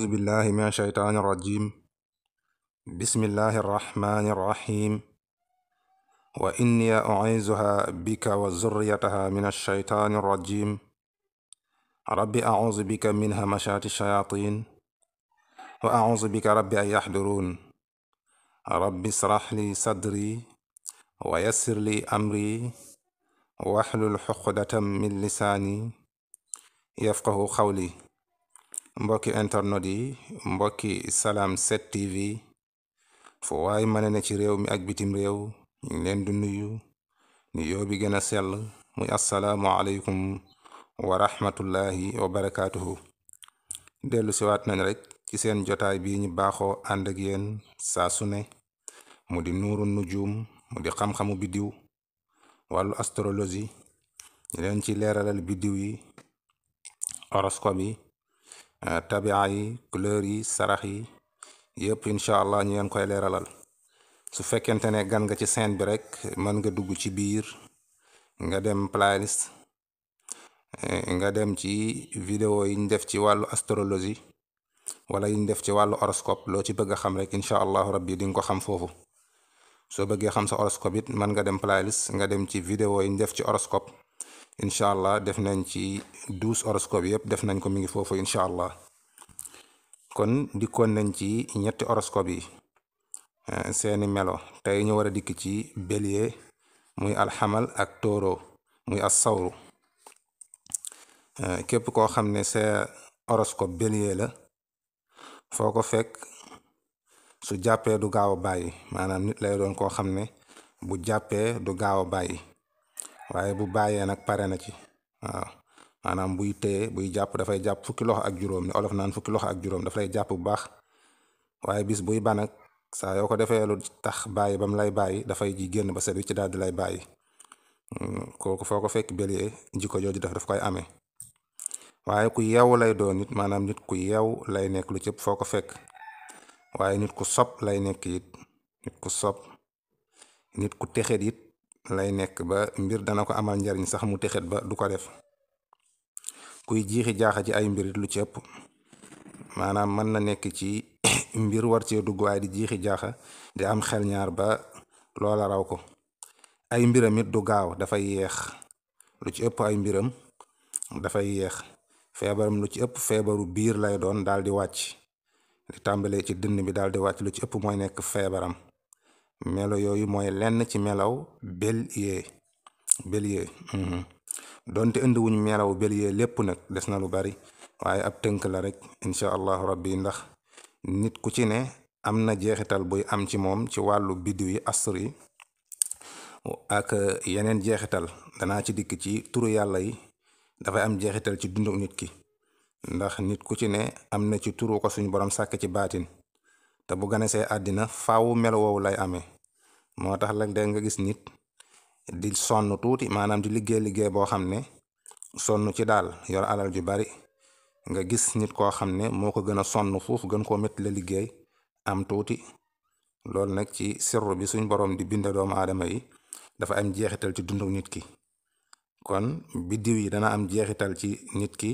auzu billahi min asheytaani irrajim bismillahi irrahmaani irrahim wa inni uizuha bika wa zurriyataha min asheytaani irrajim rabbi auzu bika min hamashaati shayatin wa auzu bika rabbi an yaxduruun rabbi israx li sadri wa yassir li amri waxlul xuqdatam min lisaani yafqahu xawli mbokki internet yi mbokki salaam 7 TV fu waay mën ne ci réew mi ak bitim réew ñu ngi leen di nuyu nuyoo bi gën a sell muy asalaamu aleykum wa rahmatullahi wa barakaatuhu dellu nañ rek ci seen jotaay bi ñu baaxoo ànd ak yéen saa su ne mu di nuuru nujuum mu di xam-xamu biddiw wàllu astrologie ñu leen ci leeralal biddiw yi horoscope yi Euh, tabia yi couleur yi sarax yi yëpp incha allah ñi leen koy leeralal su fekkente ne gan nga ci scène bi rek man nga dugg ci biir nga dem playlist eh, nga dem ci vidéo yi ñu def ci wàllu astrologie wala yi ñu def ci wàllu horoscope loo ci bëgg a xam rek incha allahu rabbi di nga ko xam foofu soo bëggee xam sa horoscope it mën nga dem playlist nga dem ci vidéo yi ñu def ci horoscope incha allah def nañ ci douze horoscope yëpp def nañ ko mi ngi foofu incha allah kon dikkoon nañ ci ñetti horoscope yi eh, seeni melo tey ñu war a dikk ci bélier muy alxamal ak tooro muy assawru eh, képp koo xam ne sa horoscope bélier la foo ko fekk su jàppee du gaaw bàyyi maanaam nit lay doon koo xam ne bu jàppee du gaaw a bàyyi waaye bu bàyyee nag pare na ci waaw maanaam buy téye buy jàpp dafay jàpp fukki loxo ak juróom ni olof naan fukki loxo ak juróom dafay jàpp bu baax waaye bis buy ba nag yoo ko defee lu tax bàyyi bam lay bàyyi dafay ji génn ba set wi ci daal di lay bàyyi hmm, kooku foo ko fekk bélier njikko jooju daf def koy amee. waaye ku yeewu lay doon nit maanaam nit ku yeew lay nekk lu cëpp foo ko fekk waaye nit ku sob lay nekk it nit ku sob nit ku texet it lay nekk ba mbir dana ko amal njariñ sax mu texet ba du ko def kuy jiixi jaaxa ci ay mbirit lu ci ëpp maanaam mën na nekk ci mbir war cee dugg waaye di jiixi jaaxa di am xel ñaar ba loola raw ko ay mbiramit it du gaaw dafay yeex lu ci ëpp ay mbiram dafay yeex feebaram lu ci ëpp feebaru biir lay doon daal di wàcc di tàmbalee ci dënn bi daal di wàcc lu ci ëpp mooy nekk feebaram melo yooyu mooy lenn ci melaw bélier bélier mhm. donte indiwuñ wuñ melaw bélier lépp nag des na lu bari waaye ab tënk la rek incha allah rabbi ndax nit ku ci ne am na jeexital buy am ci moom ci wàllu biddiw yi astre yi ak yeneen jeexital danaa ci dikk ci turu yàlla yi dafay am jeexital ci dundu nit ki ndax nit ku ci ne am na ci turu ko suñu borom sàkk ci baatin te bu ganesee àddina faawu meloo woowu lay amee moo tax nag da nga gis nit di sonn tuuti maanaam di liggéey liggéey boo xam ne sonn ci daal yor alal ju bari nga gis nit koo xam ne moo ko gën a sonn foofu gën koo métti la liggéey am tuuti loolu nag ci sirru bi suñ borom di binde doomu aadama yi dafa am jeexital ci dundu nit ki kon biddiw yi dana am jeexital ci nit ki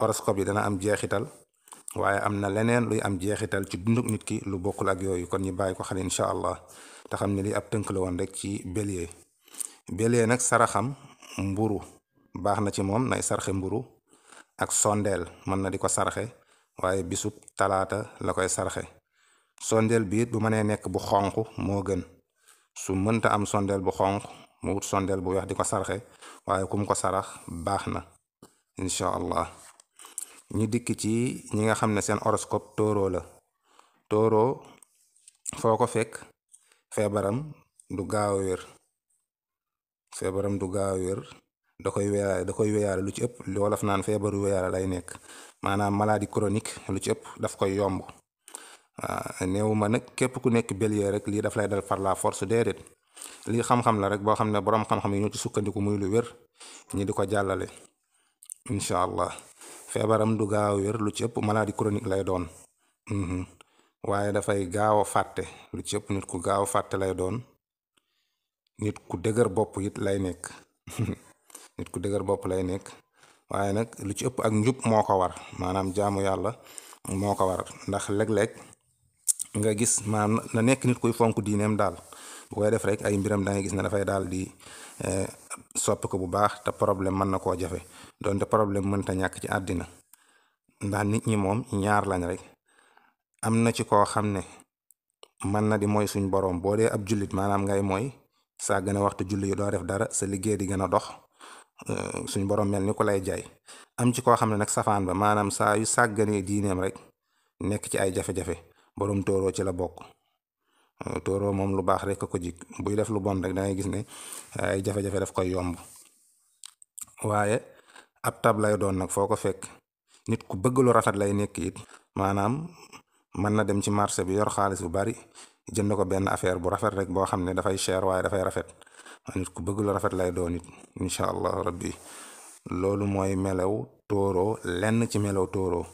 horoscope yi dana am jeexital waaye am na leneen luy am jeexital ci dunduk nit ki lu bokkul ak yooyu kon ñu bàyyi ko xel incha allah te xam ne li ab tënk la woon rek ci bélier bélier nag saraxam mburu baax na ci moom nay sarxe mburu ak sondeel mën na di ko sarxe waaye bisub talaata la koy sarxe sondeel biit bu mënee nekk bu xonq moo gën su mënta am sondeel bu xonq mu wut sondeel bu weex di ko sarxe waaye kum ko sarax baax na incha allah ñu dikk ci ñi nga xam ne seen horoscope tooro la tooro foo ko fekk feebaram du gaaw wér feebaram du gaaw wér da koy weyaale da koy weyaale lu ci ëpp li wolof naan feebaru weyaale lay nekk maanaam maladie chronique lu ci ëpp daf koy yomb waaw néew ma nag képp ku nekk belier rek lii daf lay dal par la force déedéet lii xam-xam la rek boo xam ne boroom xam-xam yi ñu ci sukkandiku muy lu wér ñi di ko jàllale incha allah feebaram du gaaw wér lu ci ëpp maladie chronique lay doon mhm. waaye dafay gaaw a fàtte lu ci ëpp nit ku gaaw a fàtte lay doon nit ku dëgër bopp yit lay nekk nit ku dëgër bopp lay nekk waaye nag lu ci ëpp ak njub moo ko war maanaam jaamu yàlla moo ko war ndax léeg-léeg nga gis maanaam na nekk nit kuy fonk diineem daal bu koy def rek ay mbiram da ngay gis ne dafay daal di eh, sopp ko bu baax te problème mën na koo jafe donte problème ta ñàkk ci àddina ndax nit ñi moom ñaar lañ rek am na ci koo xam ne mën na di mooy suñ borom boo dee ab julit maanaam ngay mooy saa gën a waxtu julli yi doo def dara sa liggéey di gën a dox eh, suñ borom mel ni ko lay jaay am ci koo xam ne nag safaan ba maanaam saa yu sàgganee diineem rek nekk ci ay jafe-jafe borom tóoroo ci la bokk. Euh, tóoroo moom lu baax rek ko jik buy def lu bon rek da ngay gis ne euh, ay jafe-jafe daf koy yomb waaye ab tab lay doon nag foo ko fekk nit ku bëgg lu rafet lay nekk it maanaam mën na dem ci marché bi yor xaalis bu bari jënd ko benn affaire bu rafet rek boo xam ne dafay cher waaye dafay rafet nit ku bëgg lu rafet lay doonit it incha allah rabbi loolu mooy melew tóoroo lenn ci melew tóoroo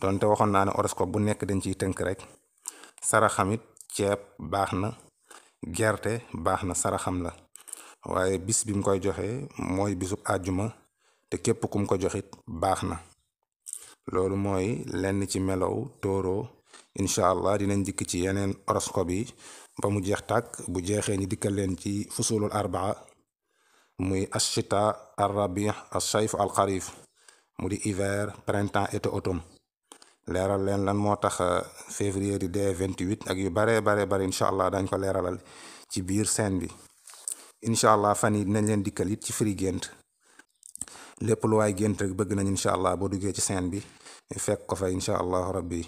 donte waxoon naa ne horoscope bu nekk dañ ciy tënk rek saraxam it ceeb baax na gerte baax na saraxam la waaye bis bi koy joxe mooy bisub àjjuma te képp kum ko joxit baax na loolu mooy lenn ci melow tóoroo incha allah dina dikk ci yeneen horoscope yi ba mu jeex tàkk bu jeexee ni dikkal leen ci fusulul arbaa muy ashita arrabi ashayf alxarif mu di hiver printemps été automne leeral leen lan moo tax euh, février di dee vingt huit ak yu baree baree bare incha allah dañ ko leeralal ci biir seen bi incha allah fan yi dinañ leen dikkal it ci firi gént lépp lu waay gént rek bëgg nañ incha allah boo duggee ci seen bi fekk ko fa incha allahu rabbi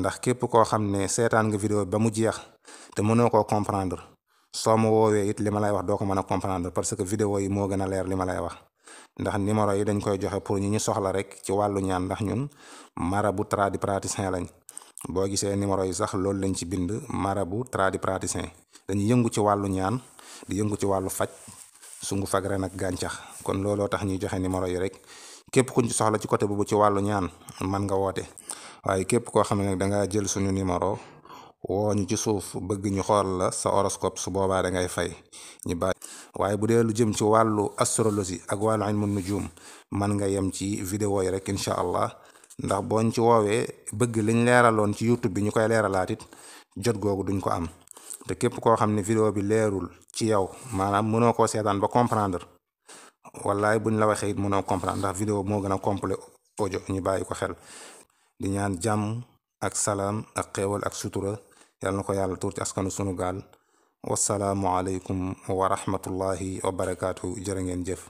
ndax képp koo xam ne seetaan nga vidéo ba mu jeex te mënoo ko comprendre soo ma woowee it li ma lay wax doo ko mën a comprendre parce que vidéo yi moo gën a leer li ma lay wax. ndax numéro yi dañ koy joxe pour ñi ñu soxla rek ci wàllu ñaan ndax ñun marabu tradipraticien lañ boo gisee numéro yi sax loolu lañ ci bind bu marabu tradipraticien dañuy yëngu ci wàllu ñaan di yëngu ci wàllu faj sungu fag ren ak gàncax kon looloo tax ñuy joxe numéro yi rek képp kuñ ci soxla ci côté boobu ci wàllu ñaan man nga woote waaye képp koo xam ne nag dangaa jël suñu numéro woo ñu ci suuf bëgg ñu xool la sa horoscope su boobaa da ngay fay ñu bàyyi waaye bu dee lu jëm ci wàllu astrologie ak wàllu ilmu nujum man nga yem ci vidéo yi rek incha allah ndax booñ ci woowee bëgg lañ leeraloon ci youtube bi ñu koy leeralaatit it jot googu duñ ko am te képp koo xam ne vidéo bi leerul ci yow maanaam mënoo koo seetaan ba comprendre wallaay buñ la waxee it mënoo comprendre ndax vidéo moo gën a complet audio ñu bàyyi ko xel di ñaan jàmm ak salaam ak xéewal ak sutura yàlla na ko yàlla tuur ci askanu sunu gaal wasalaamualeykum wa rahmatullahi wa barakaatu jërë ngeen jëf